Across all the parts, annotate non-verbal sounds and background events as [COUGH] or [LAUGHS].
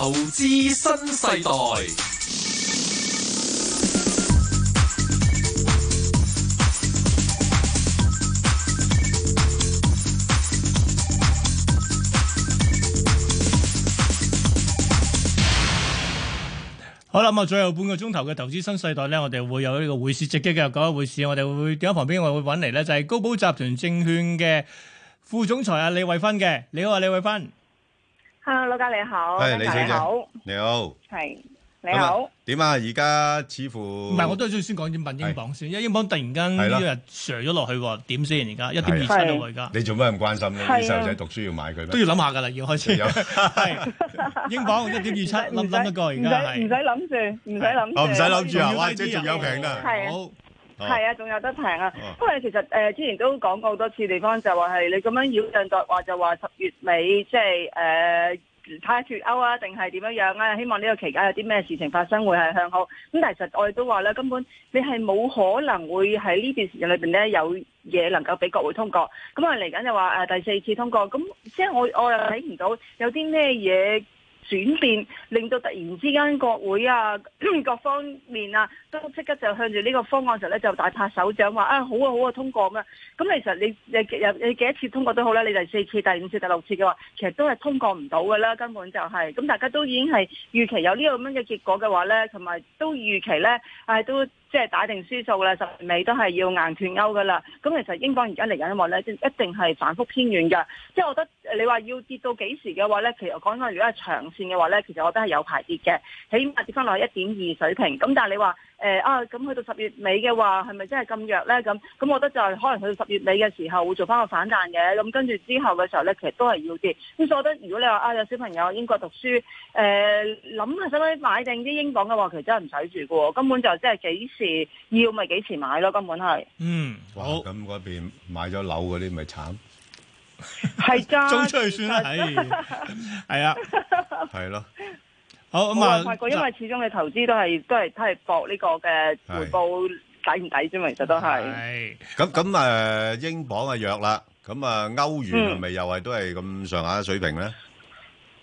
投資新世代，好啦，咁啊，最後半個鐘頭嘅投資新世代咧，我哋會有呢個匯市直擊嘅，講一匯市，我哋會點喺旁邊，我哋會揾嚟呢，就係高寶集團證券嘅副總裁啊李慧芬嘅，你好啊，李慧芬。哈，老哥你好，大家好，你好，係你好，點啊？而家似乎唔係，我都係中意先講啲英鎊先，因為英鎊突然間一日上咗落去，點先而家一點二七啊！而家你做咩咁關心咧？啲細路仔讀書要買佢咩？都要諗下噶啦，要開始有。英鎊一點二七，諗唔諗得過而家？唔使唔使諗住，唔使諗住，或者仲有平啊！好。係啊，仲有得平啊！不過其實誒之前都講過好多次，地方就話係你咁樣繞陣在話就話十月尾即係誒睇下脱歐啊，定係點樣樣啊？希望呢個期間有啲咩事情發生會係向好咁。但係其實我哋都話咧，根本你係冇可能會喺呢段時間裏邊咧有嘢能夠俾國會通過咁啊！嚟緊就話誒第四次通過咁，即係我我又睇唔到有啲咩嘢。轉變令到突然之間，國會啊，各方面啊都即刻就向住呢個方案上咧，就大拍手掌，話啊好啊好啊通過咁啊！咁、嗯、其實你你有你幾多次通過都好啦，你第四次、第五次、第六次嘅話，其實都係通過唔到嘅啦，根本就係、是、咁、嗯，大家都已經係預期有呢個咁樣嘅結果嘅話咧，同埋都預期咧，唉、啊、都。即係打定輸數啦，十尾都係要硬脫歐噶啦。咁其實英鎊而家嚟緊嘅話咧，一定係反覆偏軟嘅。即係我覺得你話要跌到幾時嘅話咧，其實講緊如果係長線嘅話咧，其實我覺得係有排跌嘅，起碼跌翻落去一點二水平。咁但係你話。誒啊！咁去到十月尾嘅話，係咪真係咁弱咧？咁咁，我覺得就係可能去到十月尾嘅時候會做翻個反彈嘅。咁跟住之後嘅時候咧，其實都係要跌。咁所以，我覺得如果你話啊有小朋友英國讀書，誒諗使唔使買定啲英鎊嘅話，其實真係唔使住嘅，根本就即係幾時要咪幾時買咯，根本係。嗯，好。咁嗰邊買咗樓嗰啲咪慘。係㗎的， [LAUGHS] 租出去算啦。係，係啊，係咯。 [LAUGHS] 好咁啊！我發覺，因為始終你投資都係都係都係搏呢個嘅回報抵唔抵啫嘛，其實都係。係咁咁誒，英鎊啊弱啦，咁啊歐元係咪又係都係咁上下水平咧？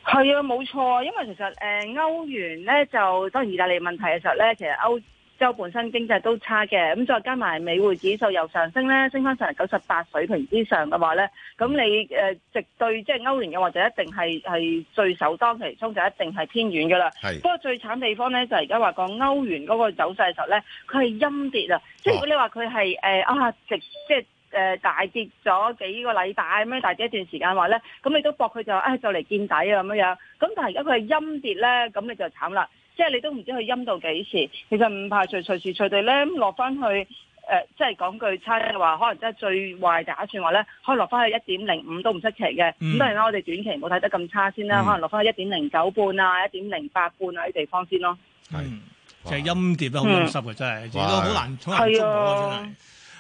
係啊，冇錯，因為其實誒歐元咧就當然意大利問題嘅時候咧，其實歐州本身經濟都差嘅，咁再加埋美匯指數又上升咧，升翻成九十八水平之上嘅話咧，咁你誒、呃、直對即係歐元嘅話，就一定係係最首當其衝，就一定係偏軟㗎啦。是不過最慘地方咧，就而家話講歐元嗰個走勢嘅時候咧，佢係陰跌啊！即如果你話佢係誒啊直即係大跌咗幾個禮拜，咁大跌一段時間話咧，咁你都搏佢就啊、哎、就嚟見底啊咁樣。咁但係而家佢係陰跌咧，咁你就慘啦。即係你都唔知佢陰到幾時，其實唔排除隨時隨地咧落翻去誒，即係講句差嘅話，可能真係最壞打算話咧，可以落翻去一點零五都唔出奇嘅。咁當然啦，我哋短期冇睇得咁差先啦，可能落翻去一點零九半啊、一點零八半啊啲地方先咯。係，即係陰跌得好陰濕嘅真係，都好難，好難觸摸啊。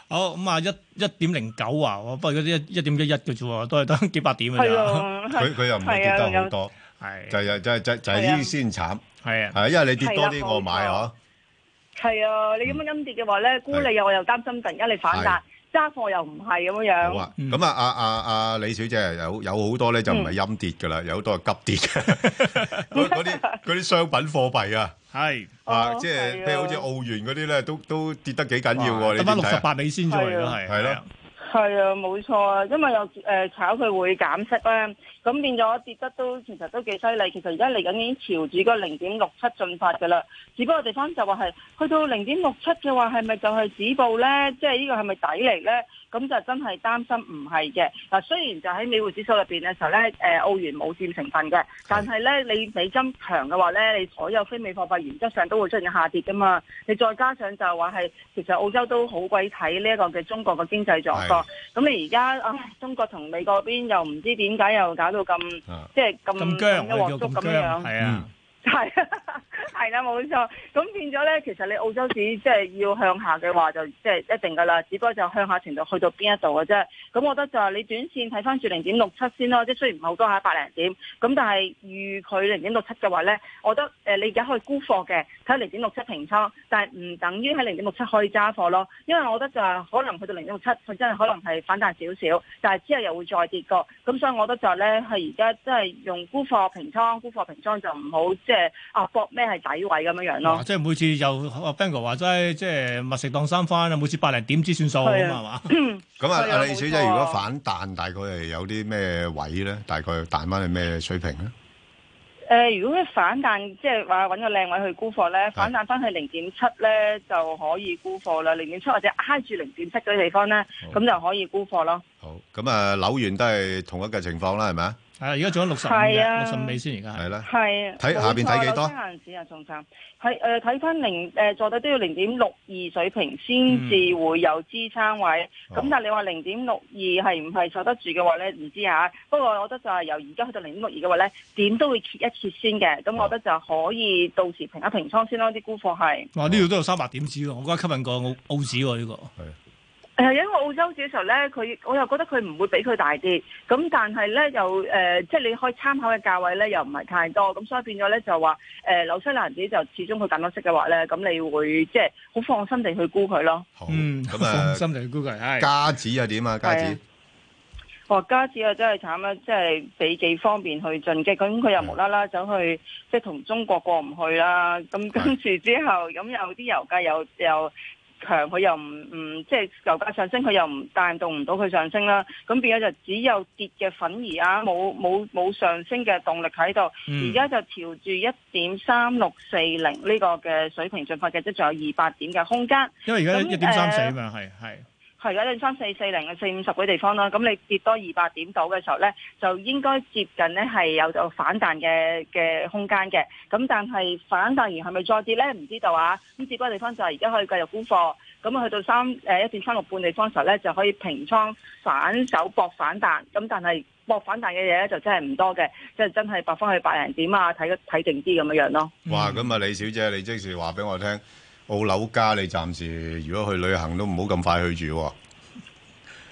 好咁啊，一一點零九啊，不過嗰啲一一點一一嘅啫喎，都係得幾百點嘅啫。佢佢又唔係跌得好多，係就係就係就係呢啲先慘。係啊，係啊，因為你跌多啲我買嗬。係啊，你咁樣陰跌嘅話咧，估你又，我又擔心突然間你反彈，揸貨又唔係咁樣樣。咁啊，阿啊，阿李小姐有有好多咧就唔係陰跌噶啦，有好多係急跌。嗰嗰啲啲商品貨幣啊，係啊，即係譬如好似澳元嗰啲咧，都都跌得幾緊要㗎。跌翻六十八美仙咗，係係咯。係啊，冇錯、啊，因為又誒、呃、炒佢會減息啦、啊，咁變咗跌得都其實都幾犀利。其實而家嚟緊已經朝住個零點六七進發㗎喇，只不過地方就話係去到零點六七嘅話，係咪就係止步咧？即係呢個係咪底嚟咧？咁就真係擔心唔係嘅嗱，雖然就喺美匯指數入面嘅時候咧，誒澳元冇佔成分嘅，但係咧你美金強嘅話咧，你所有非美貨幣原則上都會出現下跌㗎嘛。你再加上就話係，其實澳洲都好鬼睇呢一個嘅中國嘅經濟狀況。咁是你而家、啊、中國同美國邊又唔知點解又搞到咁、啊、即係咁一鑊粥咁樣樣，啊、嗯。嗯 [LAUGHS] 係啦，冇錯。咁變咗咧，其實你澳洲市即係要向下嘅話，就即係一定噶啦。只不過就向下程度去到邊一度嘅啫。咁我覺得就係你短線睇翻住零點六七先咯。即係雖然唔好多下百零點，咁但係預佢零點六七嘅話咧，我覺得誒，你而家可以沽貨嘅，睇下零點六七平倉。但係唔等於喺零點六七可以揸貨咯，因為我覺得就係可能去到零點六七，佢真係可能係反彈少少，但係之後又會再跌過。咁所以我覺得就係咧，係而家即係用沽貨平倉，沽貨平倉就唔好即係啊搏咩底位咁樣樣咯，即係每次又，龐哥話齋，即係物食當三番，啊，每次百零點之算數咁啊嘛。咁啊的，阿李小姐，如果反彈，大概係有啲咩位咧？大概彈翻去咩水平咧？誒，如果反彈，即係話搵個靚位去沽貨咧，的反彈翻去零點七咧，就可以沽貨啦。零點七或者挨住零點七嗰啲地方咧，咁好就可以沽貨咯。好，咁啊，紐元都係同一個情況啦，係咪啊？係，而家做緊六十五，六十五先而家係啦。係，睇下邊睇幾多？三顏啊，仲差。係誒、啊，睇翻零誒，坐底都要零點六二水平先至會有支撐位。咁、嗯哦、但係你話零點六二係唔係坐得住嘅話咧，唔知吓。不過我覺得就係由而家去到零點六二嘅話咧，點都會跌一跌先嘅。咁、哦、我覺得就可以到時平一平倉先咯，啲沽貨係。哇、哦！呢度都有三百點子喎，我覺得吸引過澳澳紙喎呢個。係。誒，因為澳洲仔嘅時候咧，佢我又覺得佢唔會比佢大啲，咁但係咧又誒、呃，即係你可以參考嘅價位咧，又唔係太多，咁所以變咗咧就話誒、呃、紐西蘭子就始終佢揀多息嘅話咧，咁你會即係好放心地去估佢咯。好嗯，咁那放心地去估佢。係，加指又點啊？加指，哦，加指啊，真係慘啊！即係俾幾方面去進擊，咁佢又無啦啦走去，去的即係同中國過唔去啦。咁的跟住之後，咁有啲油價又又。強佢又唔唔、嗯，即係油價上升，佢又唔帶動唔到佢上升啦。咁變咗就只有跌嘅份兒啊，冇冇冇上升嘅動力喺度。而家、嗯、就朝住一點三六四零呢個嘅水平進發嘅，即係仲有二百點嘅空間。因為而家一點三四嘛，係係、呃。是係一三四四零嘅四五十個地方啦，咁你跌多二百點度嘅時候咧，就應該接近咧係有個反彈嘅嘅空間嘅。咁但係反彈完係咪再跌咧？唔知道啊。咁接個地方就係而家可以繼續沽貨。咁啊，去到三誒一至三六半地方時候咧，就可以平倉反手搏反彈。咁但係搏反彈嘅嘢咧，就真係唔多嘅，即係真係百分去百零點啊，睇睇定啲咁樣樣咯。嗯、哇！咁啊，李小姐，你即時話俾我聽。澳樓價，你暫時如果去旅行都唔好咁快去住喎。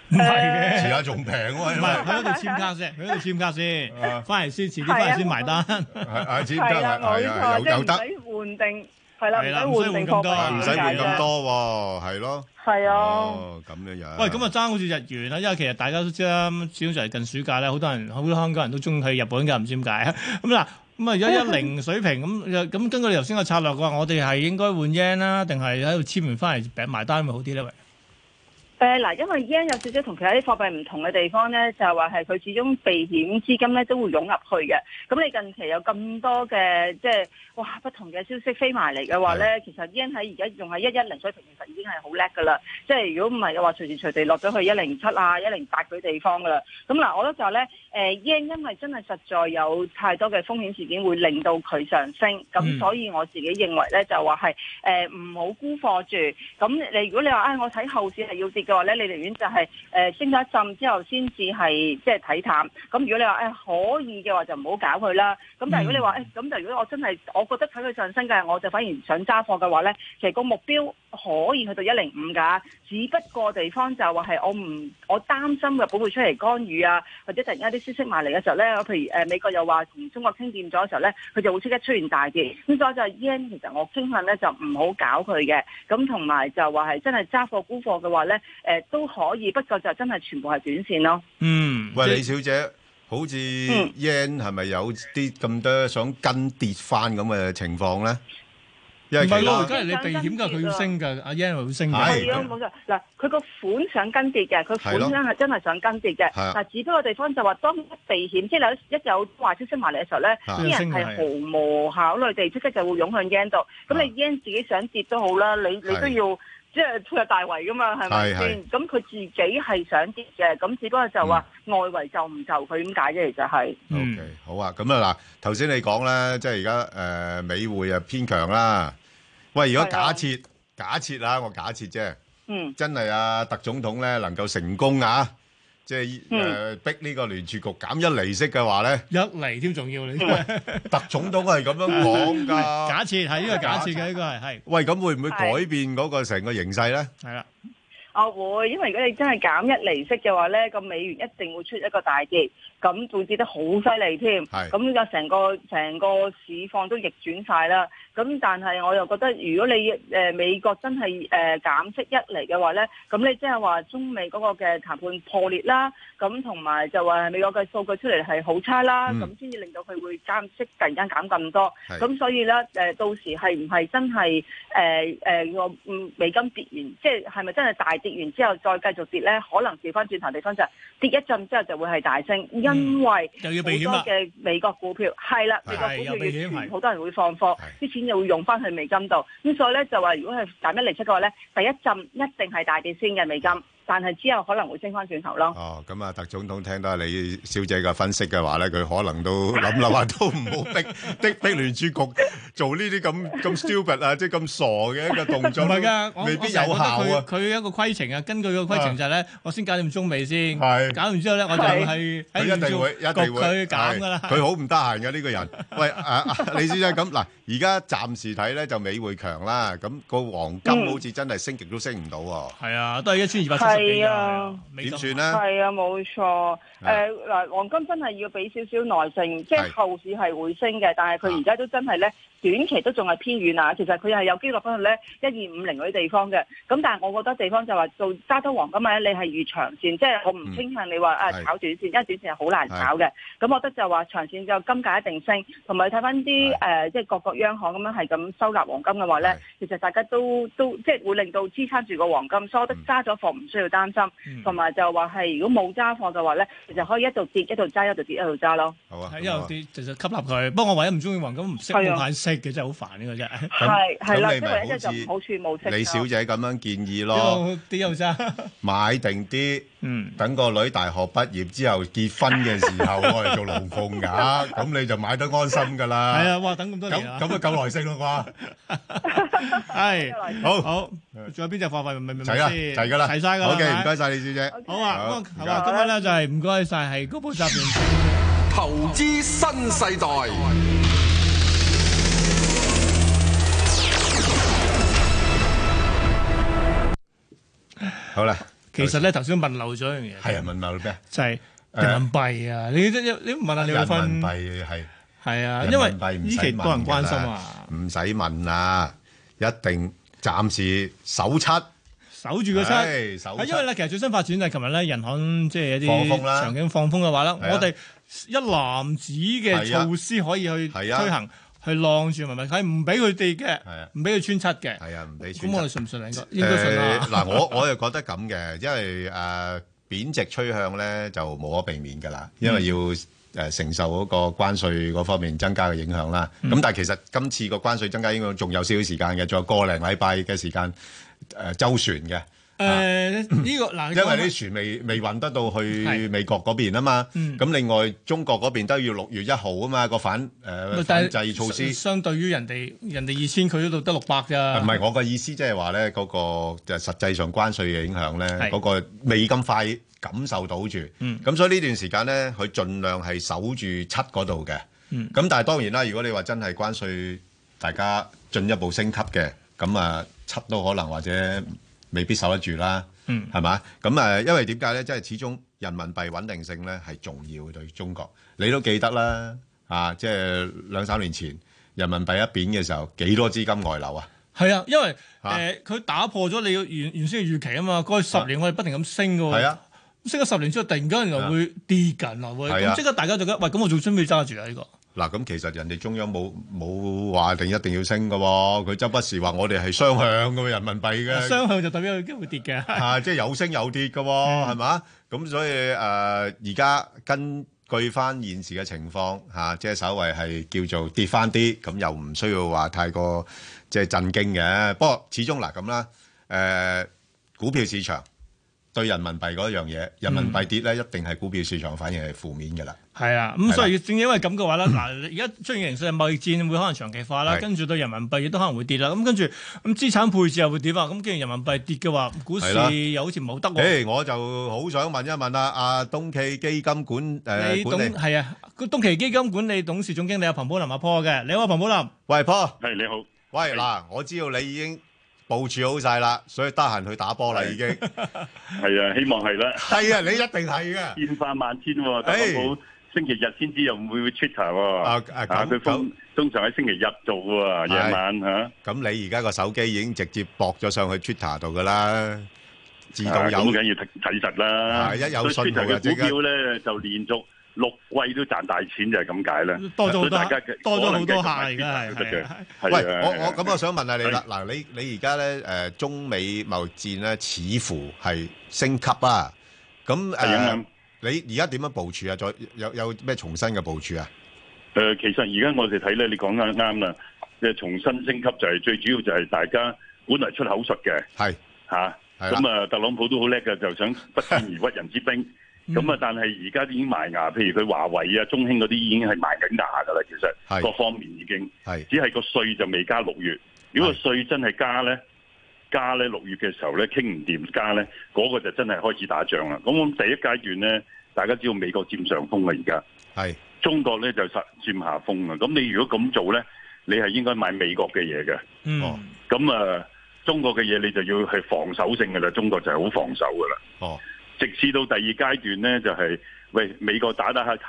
唔係嘅，遲下仲平喎。喺度簽卡先，喺度簽卡先，翻嚟先遲啲翻嚟先埋單。係啊，簽卡先，即係唔使換定，係啦，唔使換咁多，唔使換咁多喎，係咯。係啊。哦，咁樣樣。喂，咁啊爭好似日元啦，因為其實大家都知啦，主要就係近暑假咧，好多人好多香港人都中意去日本㗎，唔知點解咁嗱。咁啊，一一零水平咁，又咁根據你頭先個策略嘅話，我哋係應該換 yen 啦，定係喺度簽完翻嚟平埋單咪好啲咧？喂嗱，因為 yen 有少少同其他啲貨幣唔同嘅地方咧，就係話係佢始終避險資金咧都會湧入去嘅。咁你近期有咁多嘅即係哇不同嘅消息飛埋嚟嘅話咧，的其實 yen 喺而家用喺一一零水平，其實已經係好叻噶啦。即係如果唔係嘅話，隨時隨地落咗去一零七啊、一零八嗰啲地方噶啦。咁嗱，我覺得就咧誒 yen 因為真係實在有太多嘅風險事件會令到佢上升，咁所以我自己認為咧就話係誒唔好沽貨住。咁你如果你話啊、哎，我睇後市係要跌咧，你寧願就係誒升咗一陣之後，先至係即係睇淡。咁如果你話誒、哎、可以嘅話就不要，就唔好搞佢啦。咁但係如果你話誒咁，哎、就如果我真係我覺得睇佢上升嘅，我就反而想揸貨嘅話咧，其實個目標可以去到一零五㗎。只不過地方就話係我唔我擔心日本會,會出嚟干預啊，或者突然間啲消息埋嚟嘅時候咧，譬如誒美國又話同中國傾掂咗嘅時候咧，佢就會即刻出現大跌。咁所以就係 yen，其實我傾向咧就唔好搞佢嘅。咁同埋就話係真係揸貨沽貨嘅話咧。誒都可以，不過就真係全部係短線咯。嗯，喂，李小姐，好似 Yen 係咪有啲咁多想跟跌翻咁嘅情況咧？又唔係咯，而家你避險㗎，佢升㗎。啊 Yen 會升㗎。係啊，冇錯。嗱，佢個款想跟跌嘅，佢款真係真係想跟跌嘅。係啊。但係，只不過地方就話當避險，即係有一有壞消息埋嚟嘅時候咧，啲人係毫無考慮地即刻就會湧向 Yen 度。咁你 Yen 自己想跌都好啦，你你都要。即係佢係大圍噶嘛，係咪先？咁佢自己係想跌嘅，咁只不過就話外圍就唔就佢，點解啫？其實係。嗯，OK，好啊，咁啊嗱，頭先你講咧，即係而家誒美匯啊偏強啦。喂，如果假設，假設啊，我假設啫。嗯。真係啊，特總統咧能夠成功啊！即係誒，逼呢個聯儲局減一厘息嘅話咧，一釐添重要你。特總統都係咁樣講㗎。假設係呢個假設嘅呢個係係。喂，咁會唔會改變嗰個成個形勢咧？係啦，我會，因為如果你真係減一厘息嘅話咧，個美元一定會出一個大跌。咁會跌得好犀利添，咁就成個成個市況都逆轉曬啦。咁但係我又覺得，如果你誒美國真係誒減息一嚟嘅話呢，咁你即係話中美嗰個嘅談判破裂啦，咁同埋就話美國嘅數據出嚟係好差啦，咁先至令到佢會減息，突然間減咁多。咁所以呢，誒到時係唔係真係誒誒個美金跌完，即係係咪真係大跌完之後再繼續跌呢？可能跌翻轉頭地方，就跌一陣之後就會係大升。因為要好多嘅美國股票係啦、嗯，美國股票嘅錢，好多人會放貨，啲的錢又會用翻去美金度，咁的所以咧就話，如果係減一厘七嘅話咧，第一陣一定係大跌先嘅美金。但係之後可能會升翻轉頭咯。哦，咁啊，特總統聽到李小姐嘅分析嘅話咧，佢可能都諗諗下，都唔好逼逼逼聯儲局，做呢啲咁咁 stupid 啊，即係咁傻嘅一個動作，唔係㗎，未必有效啊。佢一個規程啊，根據個規程就係咧，我先搞掂中美先，搞完之後咧，我就一定會一定會去搞㗎啦。佢好唔得閒嘅呢個人。喂，啊李小姐咁嗱。而家暫時睇咧就美匯強啦，咁、那個黃金好似真係升極、嗯、都升唔到喎。係啊，都係一千二百七十幾，點算咧？係啊，冇、啊啊、錯。誒嗱、啊呃，黃金真係要俾少少耐性，即係、啊、後市係會升嘅，但係佢而家都真係咧。短期都仲係偏軟啊，其實佢係有機會翻去咧一二五零嗰啲地方嘅。咁但係我覺得地方就話做揸咗黃金啊，你係預長線，即係我唔傾向你話啊炒短線，因為短線係好難炒嘅。咁我覺得就話長線就金價一定升，同埋你睇返啲誒即係各國央行咁樣係咁收納黃金嘅話咧，其實大家都都即係會令到支撐住個黃金，所以揸咗貨唔需要擔心，同埋就話係如果冇揸貨嘅話咧，其實可以一度跌一度揸，一度跌一度揸咯。好啊，一路跌其實吸納佢。不過我唯一唔中意黃金，唔識好佢真係好煩呢個啫，係咁你咪好似李小姐咁樣建議咯。啲又真買定啲，嗯，等個女大學畢業之後結婚嘅時候，我哋做龍鳳鈪，咁你就買得安心噶啦。係啊，哇，等咁多年，咁咁啊，夠耐性啦啩？係，好好，仲有邊隻貨款未未？齊啦，齊噶啦，齊晒噶啦。好嘅，唔該晒李小姐。好啊，係嘛，今日咧就係唔該晒，係高寶集團投資新世代。好啦，其實咧頭先問漏咗一樣嘢，係啊，問漏咗咩？就係人民幣啊！呃、你你問下你冠，分？人民幣係係啊，因為呢期多人關心啊，唔使了問啦，一定暫時守七，守住個七，七因為咧其實最新發展就係琴日咧人行即係有啲放風啦，場景放風嘅話啦，我哋一籃子嘅措施可以去推行。係晾住埋埋，係唔俾佢哋嘅，唔俾佢穿七嘅，係啊，唔俾穿。咁我哋信唔信啊？應該應該信啦。嗱，我我又覺得咁嘅，因為誒貶值趨向咧就無可避免噶啦，因為要誒承受嗰個關稅嗰方面增加嘅影響啦。咁但係其實今次個關稅增加應該仲有少少時間嘅，仲有個零禮拜嘅時間誒周旋嘅。誒，呢個、啊嗯、因為啲船未未運得到去美國嗰邊啊嘛，咁、嗯、另外中國嗰邊都要六月一號啊嘛、嗰個反誒、呃、但反制措施，相對於人哋人哋二千，佢嗰度得六百咋。唔係我嘅意思就是說，即係話咧個就實際上關稅嘅影響咧，是嗰個未咁快感受到住，咁、嗯、所以呢段時間咧，佢盡量係守住七嗰度嘅，咁、嗯、但係當然啦，如果你話真係關稅大家進一步升級嘅，咁啊七都可能或者。未必守得住啦，係嘛、嗯？咁誒，因為點解咧？即係始終人民幣穩定性咧係重要嘅，對中國。你都記得啦，嗯、啊，即係兩三年前人民幣一貶嘅時候，幾多資金外流啊？係啊，因為誒佢、呃、打破咗你原原先嘅預期啊嘛。過去十年我哋不停咁升嘅喎，啊，啊啊升咗十年之後，突然間又會跌緊啊，啊啊會咁即刻大家就覺得喂，咁我仲準備揸住啊呢個。嗱，咁其實人哋中央冇冇話定一定要升嘅喎，佢周不時話我哋係雙向嘅人民幣嘅。雙向就代表有機會跌嘅。係、啊，即、就、係、是、有升有跌嘅喎，係嘛？ [LAUGHS] 咁所以誒，而、呃、家根據翻現時嘅情況吓，即、啊、係、就是、稍微係叫做跌翻啲，咁又唔需要話太過即係、就是、震驚嘅。不過始終嗱咁啦，誒、啊呃、股票市場。對人民幣嗰樣嘢，人民幣跌咧，一定係股票市場反應係負面嘅啦。係、嗯、啊，咁、啊、所以正因為咁嘅話咧，嗱、嗯，而家出現形式貿易戰會可能長期化啦，跟住、啊、對人民幣亦都可能會跌啦。咁跟住咁資產配置又會點啊？咁既然人民幣跌嘅話，股市又好似冇得喎、啊欸。我就好想問一問啊，啊，東驥基金管誒、呃、懂管理啊，個東驥基金管理董事總經理啊，龐寶林阿波嘅，你好啊，龐寶林。喂，波係你好。喂，嗱，我知道你已經，部署好晒啦，所以得閒去打波啦，已經係啊，希望係啦。係啊，你一定係噶，變化萬千，冇星期日先至又唔會 Twitter 喎。啊啊，咁佢通常喺星期日做嘅，夜晚吓。咁你而家個手機已經直接駁咗上去 Twitter 度噶啦，自動有，緊要睇睇實啦。一有信號就。所以 Twitter 嘅股票咧，就連續。六位都賺大錢就係咁解啦，多咗好多嘅，多咗好多客啊，係喂，我我咁我想問下你啦，嗱，你你而家咧誒中美貿易戰咧似乎係升級啊，咁誒，你而家點樣部署啊？再有有咩重新嘅部署啊？誒，其實而家我哋睇咧，你講得啱啦，即係重新升級就係最主要就係大家本來出口術嘅，係吓，咁啊，特朗普都好叻噶，就想不戰而屈人之兵。咁啊！嗯、但係而家已經埋牙，譬如佢華為啊、中興嗰啲已經係埋緊牙噶啦。其實，各方面已經是只係個稅就未加六月。是如果個稅真係加咧，加咧六月嘅時候咧，傾唔掂加咧，嗰、那個就真係開始打仗啦。咁我第一階段咧，大家知道美國佔上風啦，而家係中國咧，就實佔下風啦。咁你如果咁做咧，你係應該買美國嘅嘢嘅。哦、嗯，咁啊，中國嘅嘢你就要係防守性噶啦。中國就係好防守噶啦。哦。直至到第二階段咧，就係、是、喂美國打打下客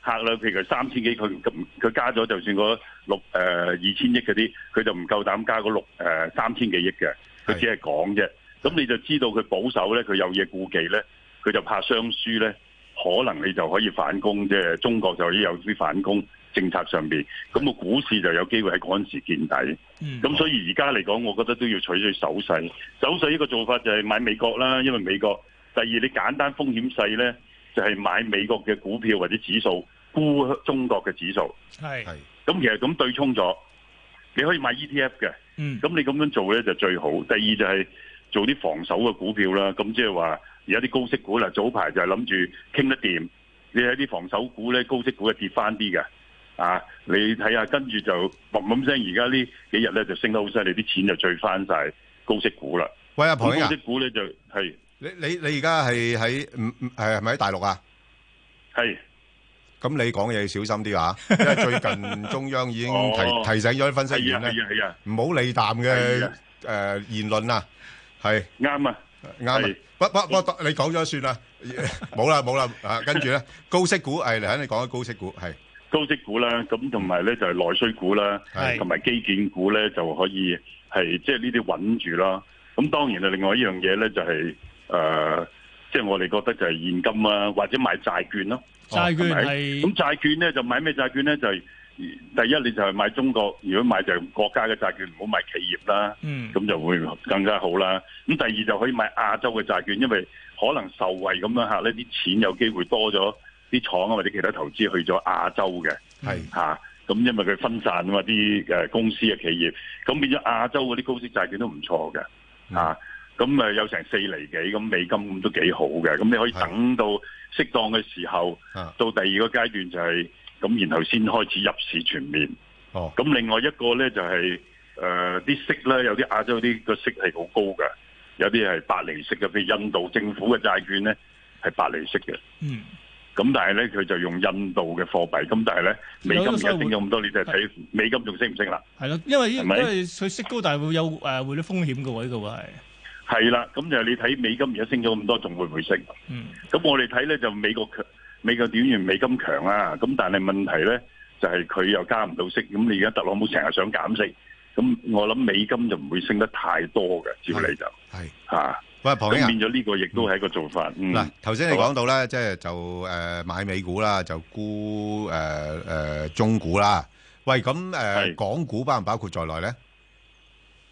客啦，譬如三千幾佢咁，佢加咗就算個六誒二千億嗰啲，佢就唔夠膽加個六誒三千幾億嘅，佢只係講啫。咁是的 你就知道佢保守咧，佢有嘢顧忌咧，佢就怕雙輸咧，可能你就可以反攻啫。中國就已有啲反攻政策上面，咁、那個股市就有機會喺嗰陣時見底。咁、嗯、所以而家嚟講，我覺得都要採取守勢。守勢呢個做法就係買美國啦，因為美國。第二你簡單風險細呢，就係、是、買美國嘅股票或者指數，沽中國嘅指數。咁是，其實咁對沖咗，你可以買 ETF 嘅。咁、嗯、你咁樣做呢，就最好。第二就係做啲防守嘅股票啦。咁即係話而家啲高息股啦，早排就係諗住傾得掂。你喺啲防守股呢，高息股係跌翻啲嘅啊，你睇下跟住就嗡嗡聲。而家呢幾日呢，就升得好犀利，啲錢就聚翻晒高息股啦。喂，阿龐，高息股呢，就係、啊。你你你而家係喺唔唔係係咪喺大陸啊？係。咁你講嘢小心啲啊！因為最近中央已經提提醒咗啲分析員咧，唔好利淡嘅誒言論啊。係啱啊，啱。不不不，你講咗算啦，冇啦冇啦啊！跟住咧，高息股係你講啲高息股係。高息股咧，咁同埋咧就係內需股啦，同埋基建股咧就可以係即係呢啲穩住啦。咁當然啊，另外一樣嘢咧就係。誒、呃，即係我哋覺得就係現金啊，或者買債券咯、啊。債券係咁債券咧就買咩債券咧就係第一你就係買中國，如果買就國家嘅債券，唔好買企業啦。嗯，咁就會更加好啦。咁第二就可以買亞洲嘅債券，因為可能受惠咁樣吓呢啲錢有機會多咗，啲廠啊或者其他投資去咗亞洲嘅係吓，咁、嗯啊、因為佢分散啊嘛啲誒公司嘅企業，咁變咗亞洲嗰啲高息債券都唔錯嘅咁有成四厘幾，咁美金都幾好嘅，咁你可以等到適當嘅時候，的到第二個階段就係、是、咁，然後先開始入市全面。哦，咁另外一個咧就係誒啲息咧，有啲亞洲啲個息係好高㗎，有啲係八釐息嘅，譬如印度政府嘅債券咧係八釐息嘅。嗯，咁但係咧佢就用印度嘅貨幣，咁但係咧美金而家升咗咁多，的你就睇美金仲升唔升啦。係咯，因為吧因為佢息高，但係會有、呃、會啲風險嘅喎，呢、這個係。係啦，咁就係你睇美金而家升咗咁多，仲會唔會升？咁、嗯、我哋睇咧就美國強，美國美元美金強啊！咁但係問題咧就係、是、佢又加唔到息，咁你而家特朗普成日想減息，咁我諗美金就唔會升得太多嘅，照理嚟就係吓。咁變咗呢個亦都係一個做法。嗱，頭先、啊嗯、你講到咧，啊、即係就誒、呃、買美股啦，就沽誒、呃呃、中股啦。喂，咁誒、呃、是港股包唔包括在內咧？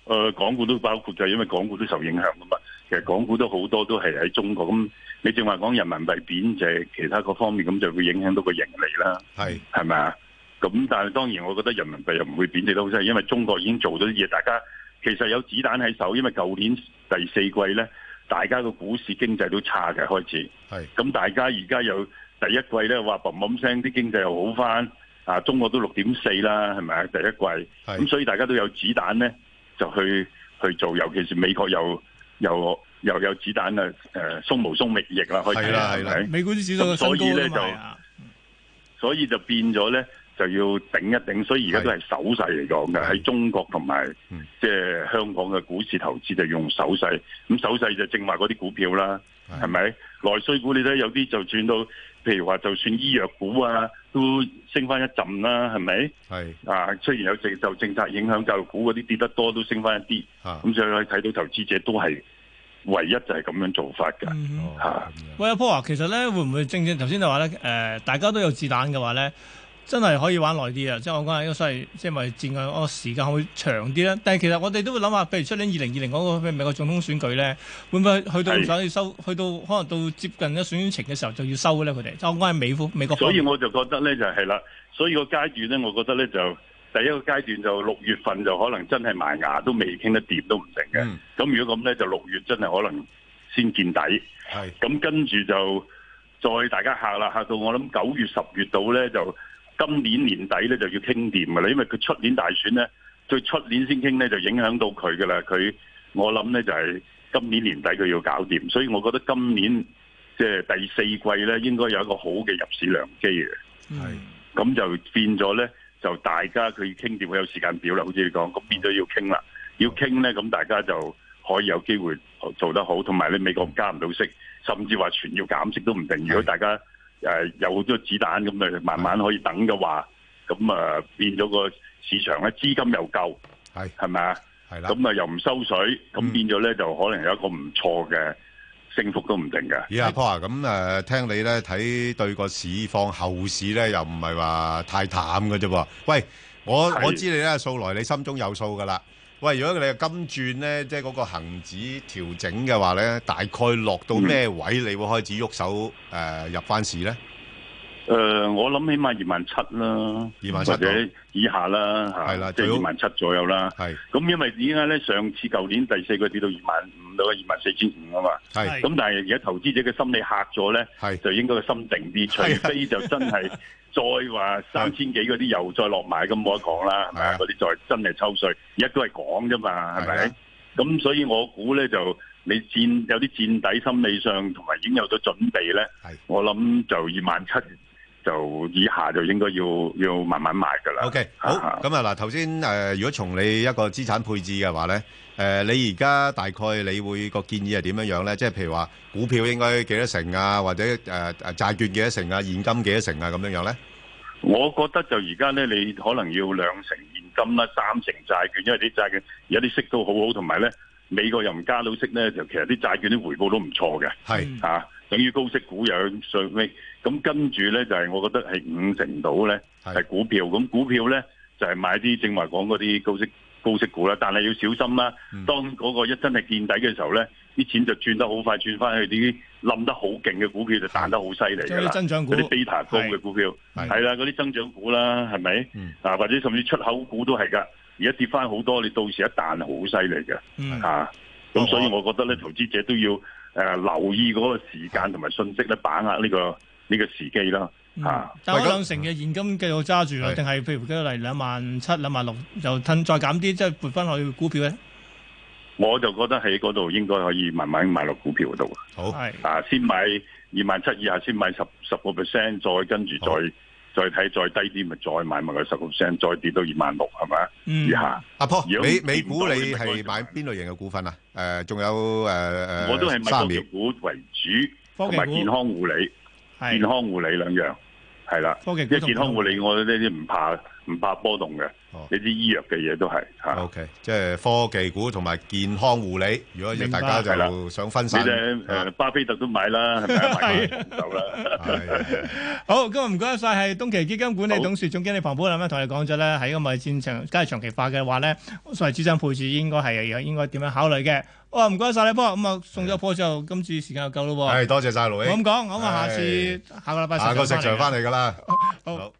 誒、呃，港股都包括，就係因為港股都受影響噶嘛。其實港股都好多都係喺中國。咁你正話講人民幣貶值，其他個方面咁就會影響到個盈利啦。係係咪啊？咁但係當然，我覺得人民幣又唔會貶值得好犀，因為中國已經做咗啲嘢。大家其實有子彈喺手，因為舊年第四季呢，大家個股市經濟都差嘅開始。係咁是，咁大家而家有第一季呢，話砰砰聲，啲經濟又好翻啊！中國都六點四啦，係咪啊？第一季咁，是所以大家都有子彈呢。就去去做，尤其是美國又又又有子彈啦，誒鬆毛鬆尾翼啦，可以啦係咪？美股啲指數嘅新高啦，所以咧就，所以就變咗咧就要頂一頂，所以而家都係手勢嚟講嘅，喺中國同埋即係香港嘅股市投資就用手勢，咁手勢就正話嗰啲股票啦，係咪內需股？你睇有啲就轉到。譬如話，就算醫藥股啊，都升翻一陣啦、啊，係咪？係是啊，雖然有政就政策影響教育股嗰啲跌得多，都升翻一啲。嚇、啊，咁所以可以睇到投資者都係唯一就係咁樣做法嘅嚇。嗯哼啊、喂，阿波啊，其實咧，會唔會正正頭先就話咧？誒、呃，大家都有子彈嘅話咧？真係可以玩耐啲啊！即係我講下因為即係咪戰嘅哦時間會，會長啲啦。但係其實我哋都會諗下，譬如出年二零二零嗰個美國總統選舉咧？會唔會去到唔想去收？是去到可能到接近一選情嘅時候就要收咧。佢哋我講係美國美國。所以我就覺得咧就係、是、啦。所以個階段咧，我覺得咧就第一個階段就六月份就可能真係埋牙都未傾得掂都唔成嘅。咁、嗯、如果咁咧，就六月真係可能先見底。咁是跟住就再大家嚇啦嚇到我諗九月十月度咧就。今年年底咧就要傾掂噶啦，因為佢出年大選咧，最出年先傾咧就影響到佢噶啦。佢我諗咧就係今年年底佢要搞掂，所以我覺得今年即係第四季咧應該有一個好嘅入市良機嘅。咁是就變咗咧，就大家佢要傾掂，會有時間表啦。好似你講，咁變咗要傾啦，要傾咧咁大家就可以有機會做得好，同埋咧美國加唔到息，甚至話全要減息都唔定。如果大家誒，有咗子彈咁咪慢慢可以等嘅話，咁啊變咗個市場咧，資金又夠，係係咪啊？係啦，咁啊又唔收水，咁變咗咧就可能有一個唔錯嘅升幅都唔定嘅。咦啊，Paul 啊，咁誒聽你咧睇對個市況後市咧又唔係話太淡嘅啫噃。喂，我我知你咧素來你心中有數㗎啦。喂，如果你嘅金鑽咧，即係嗰個恒指調整嘅話咧，大概落到咩位你會開始喐手，誒入翻市咧？誒、嗯呃，我諗起碼二萬七啦，二萬七或者以下啦，係啦、啊，即係二萬七左右啦。係好，咁因為而家咧上次舊年第四個跌到二萬五到二萬四千五啊嘛。係的，咁但係而家投資者嘅心理吓咗咧，係的就應該心定啲，除非就真係。 [LAUGHS] 再話三千幾嗰啲又再落埋咁冇得講啦，係嘛的？嗰啲再真係抽稅，而家都係講啫嘛，係咪？咁所以我估咧就你戰有啲戰底心理上同埋已經有咗準備咧，的我諗就二萬七就以下就應該要要慢慢賣㗎啦。OK，好咁啊嗱，頭先誒，如果從你一個資產配置嘅話咧。誒、呃，你而家大概你會個建議係點樣樣咧？即係譬如話，股票應該幾多成啊？或者誒誒，呃、債券幾多成啊？現金幾多成啊？咁樣樣咧？我覺得就而家咧，你可能要兩成現金啦，三成債券，因為啲債券有啲息都好好，同埋咧，美國又唔加到息咧，就其實啲債券啲回報都唔錯嘅。係是啊，等於高息股又上尾。咁跟住咧就係、是，我覺得係五成度咧係股票。咁是股票咧就係、是、買啲正話講嗰啲高息。高息股啦，但係要小心啦。當嗰個一真係見底嘅時候咧，啲、嗯、錢就轉得好快，轉翻去啲冧得好勁嘅股票就彈的，就彈得好犀利啦。啲增長股、啲 beta 高嘅股票，係啦，嗰啲增長股啦，係咪？嗯、啊，或者甚至出口股都係噶。而家跌翻好多，你到時一彈好犀利嘅吓。咁、嗯啊、所以，我覺得咧，投資者都要誒、呃、留意嗰個時間同埋信息咧，把握呢、呢個呢、呢個時機啦。嗯，揸兩成嘅現金繼續揸住啦，定係譬如舉例兩萬七兩萬六，又褪再減啲，即係撥翻去股票咧？我就覺得喺嗰度應該可以慢慢買落股票嗰度。好，啊，先買二萬七以下，先買十十個 percent，再跟住再再睇再低啲，咪再買埋佢十個 percent，再跌到二萬六係咪以下，阿婆美美股你係買邊類型嘅股份啊？誒，仲有誒，我都係買科技股為主，同埋健康護理，健康護理兩樣。係啦，一，健康護理，我覺得我呢啲唔怕唔怕波動嘅。呢啲醫藥嘅嘢都係，OK，即係科技股同埋健康護理。如果大家就想分散，誒，巴菲特都買啦，係咪啊？好，今日唔該晒，係東驥基金管理董事總經理龐寶林啊，同你講咗咧，喺個貿易戰場，梗係長期化嘅話咧，所謂資產配置應該係有，應該點樣考慮嘅。哇，唔該晒你波，咁啊，送咗個波之後，今次時間就夠咯。係，多謝晒你。咁講，咁啊，下次下個禮拜下個食場翻嚟噶啦。好。